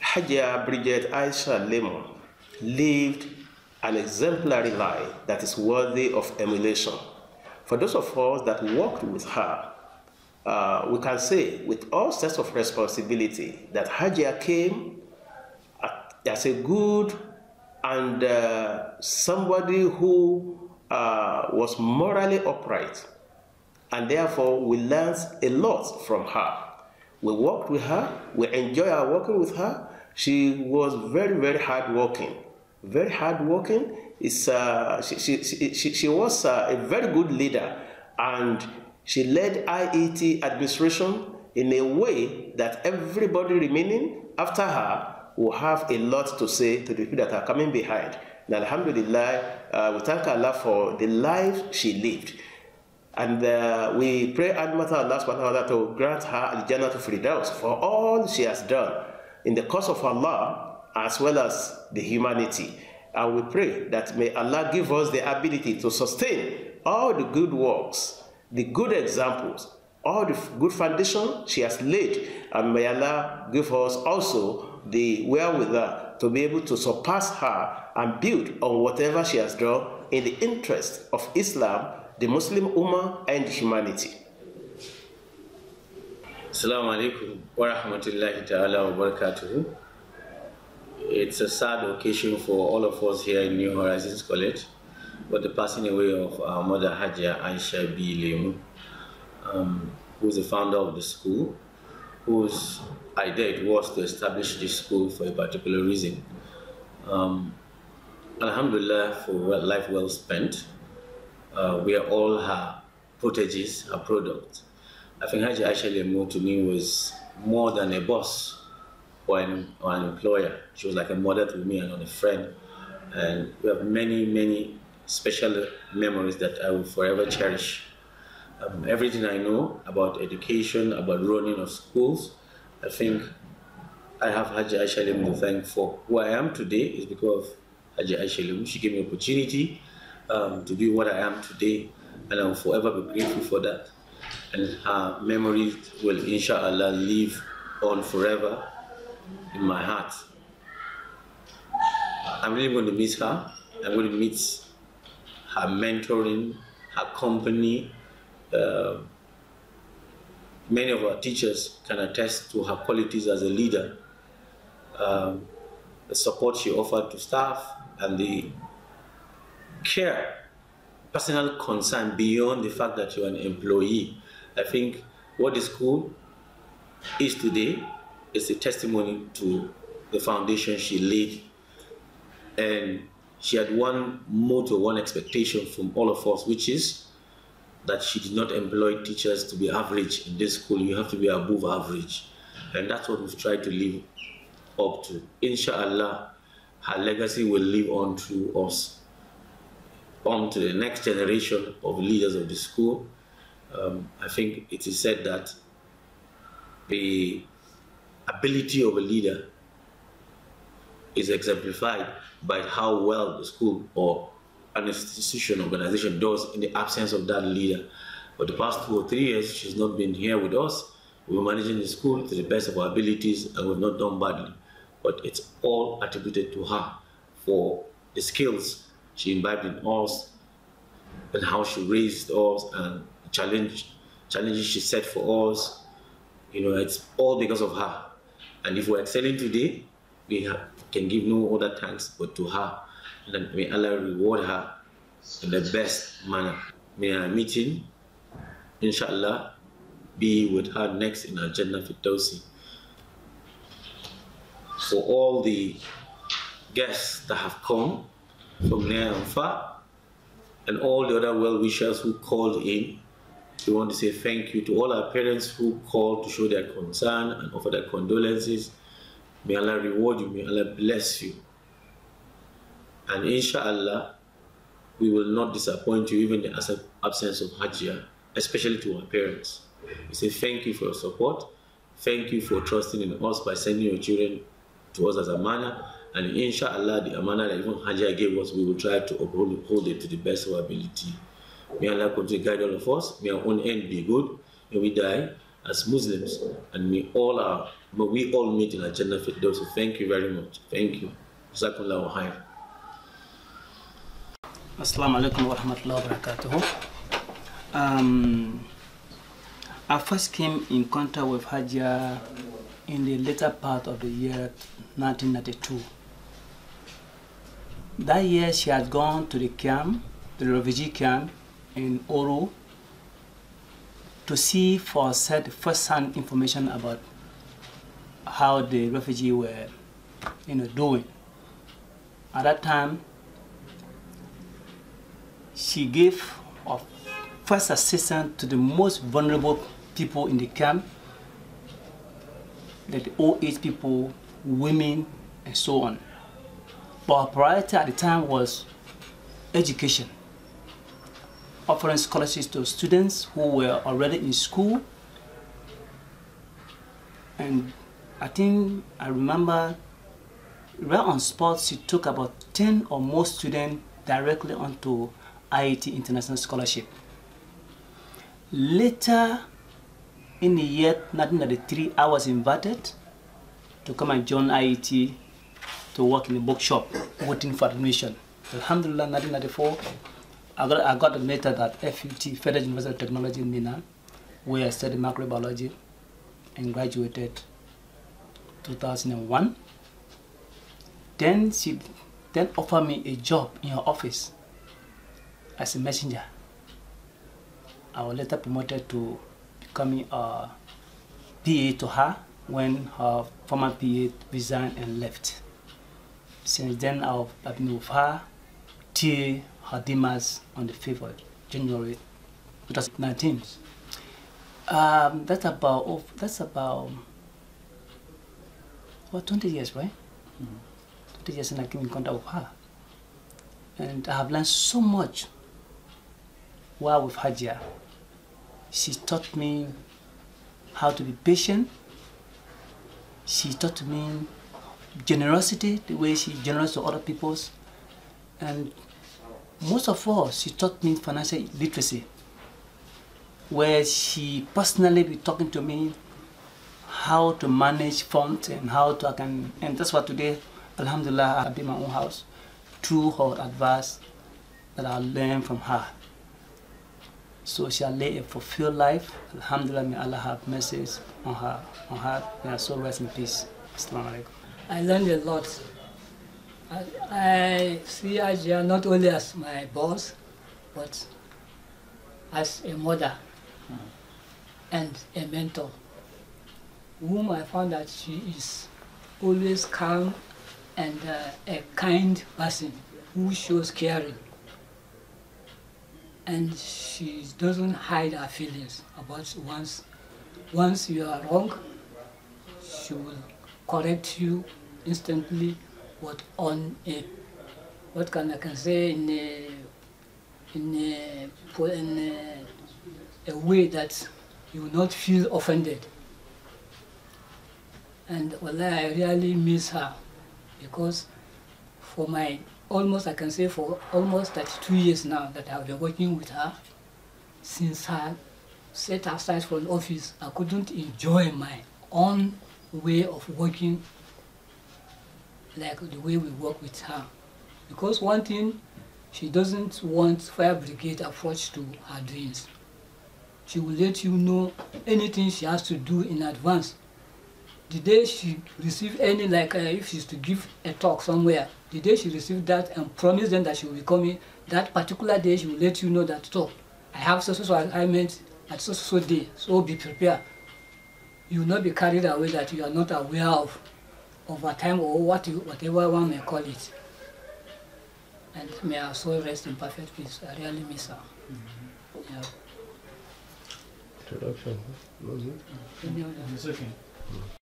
Hajia Bridget Aisha Lemo lived an exemplary life that is worthy of emulation. For those of us that worked with her, uh, we can say with all sense of responsibility that Hajia came as a good and uh, somebody who uh, was morally upright, and therefore we learned a lot from her. We worked with her, we enjoyed our working with her. She was very, very hardworking. Very hardworking. It's, uh, she, she, she, she was uh, a very good leader and she led IET administration in a way that everybody remaining after her will have a lot to say to the people that are coming behind. And Alhamdulillah, uh, we thank Allah for the life she lived. And uh, we pray Admata and ask one another to grant her the jannah to for all she has done in the cause of Allah as well as the humanity. And we pray that may Allah give us the ability to sustain all the good works, the good examples, all the good foundation she has laid. And may Allah give us also the wherewithal to be able to surpass her and build on whatever she has done in the interest of Islam the Muslim Ummah and humanity. Assalamu alaikum wa rahmatullahi ta'ala wa barakatuhu. It's a sad occasion for all of us here in New Horizons College for the passing away of our mother Hajia Aisha B. Lemu, um, who's the founder of the school, whose idea it was to establish this school for a particular reason. Um, Alhamdulillah for life well spent uh, where all her potages, her products. I think Haji actually moved to me was more than a boss or an, or an employer. She was like a mother to me and a friend. And we have many, many special memories that I will forever cherish. Um, everything I know about education, about running of schools, I think I have Haji Aishalim to thank for. Who I am today is because of Haji Aishalim. She gave me opportunity um, to be what I am today, and I will forever be grateful for that. And her memory will, inshallah, live on forever in my heart. I'm really going to miss her. I'm going to miss her mentoring, her company. Uh, many of our teachers can attest to her qualities as a leader. Um, the support she offered to staff and the care, personal concern beyond the fact that you're an employee. I think what the school is today is a testimony to the foundation she laid. And she had one motto, one expectation from all of us, which is that she did not employ teachers to be average in this school. You have to be above average. And that's what we've tried to live up to. Inshallah, her legacy will live on through us on to the next generation of leaders of the school. Um, I think it is said that the ability of a leader is exemplified by how well the school or an institution organization does in the absence of that leader. For the past two or three years, she's not been here with us. We were managing the school to the best of our abilities and we've not done badly. But it's all attributed to her for the skills she imbibed in us and how she raised us and challenge, challenges she set for us. You know, it's all because of her. And if we're excelling today, we have, can give no other thanks but to her. And may Allah reward her in the best manner. May our meeting, inshallah, be with her next in our for Fitowsi. For all the guests that have come, from near and far, and all the other well wishers who called in. We want to say thank you to all our parents who called to show their concern and offer their condolences. May Allah reward you, may Allah bless you. And inshallah, we will not disappoint you, even in the absence of Hajjah, especially to our parents. We say thank you for your support. Thank you for trusting in us by sending your children to us as a manner. And inshallah, the amana that even Hajjah gave us, we will try to uphold hold it to the best of our ability. May Allah continue to guide all of us. May our own end be good. May we die as Muslims. And may all our, may we all meet in a Jannah those. So thank you very much. Thank you. Jazakallahu khair. Assalamu alaikum wa rahmatullahi wa barakatuh. Um, I first came in contact with Hajjah in the later part of the year 1992. That year she had gone to the camp, the refugee camp in Oru to see for said first-hand information about how the refugees were you know, doing. At that time, she gave first assistance to the most vulnerable people in the camp, the old age people, women, and so on. But our priority at the time was education, offering scholarships to students who were already in school. And I think I remember right on spot, she took about 10 or more students directly onto IET International Scholarship. Later in the year 1993, I was invited to come and join IET to work in a bookshop waiting for admission. Alhamdulillah, 1994, I got, I got admitted at FUT, Federal University of Technology in Minna, where I studied microbiology and graduated 2001. Then she then offered me a job in her office as a messenger. I was later promoted to becoming a PA to her when her former PA resigned and left. Since then, I've, been with her till her demise on the 5th of January 2019. Um, that's about, oh, that's about, what, 20 years, right? Mm -hmm. 20 years and I came in contact with her. And I have learned so much while with Hajia. She taught me how to be patient. She taught me generosity, the way she's generous to other peoples, And most of all, she taught me financial literacy, where she personally be talking to me how to manage funds and how to, I can, and that's why today, alhamdulillah, I built my own house through her advice that I learned from her. So she led a fulfilled life. Alhamdulillah, may Allah have mercy on her. On her. May her soul rest in peace. Assalamu alaikum. I learned a lot. I, see Ajia not only as my boss, but as a mother and a mentor, whom I found that she is always calm and uh, a kind person who shows caring. And she doesn't hide her feelings about once, once you are wrong, she will correct you instantly what on a what can I can say in a in a, in a, a way that you will not feel offended. And well, I really miss her because for my almost I can say for almost 32 years now that I've been working with her since her set aside from office, I couldn't enjoy my own way of working like the way we work with her. Because one thing, she doesn't want fire brigade approach to her dreams. She will let you know anything she has to do in advance. The day she receive any, like uh, if she's to give a talk somewhere, the day she received that and promise them that she will be coming, that particular day she will let you know that, talk. I have so-so assignment at so-so day, so be prepared you will not be carried away that you are not aware of over time or what you, whatever one may call it. And may our soul rest in perfect peace. I really miss her. Mm -hmm. yeah. Introduction. Mm -hmm.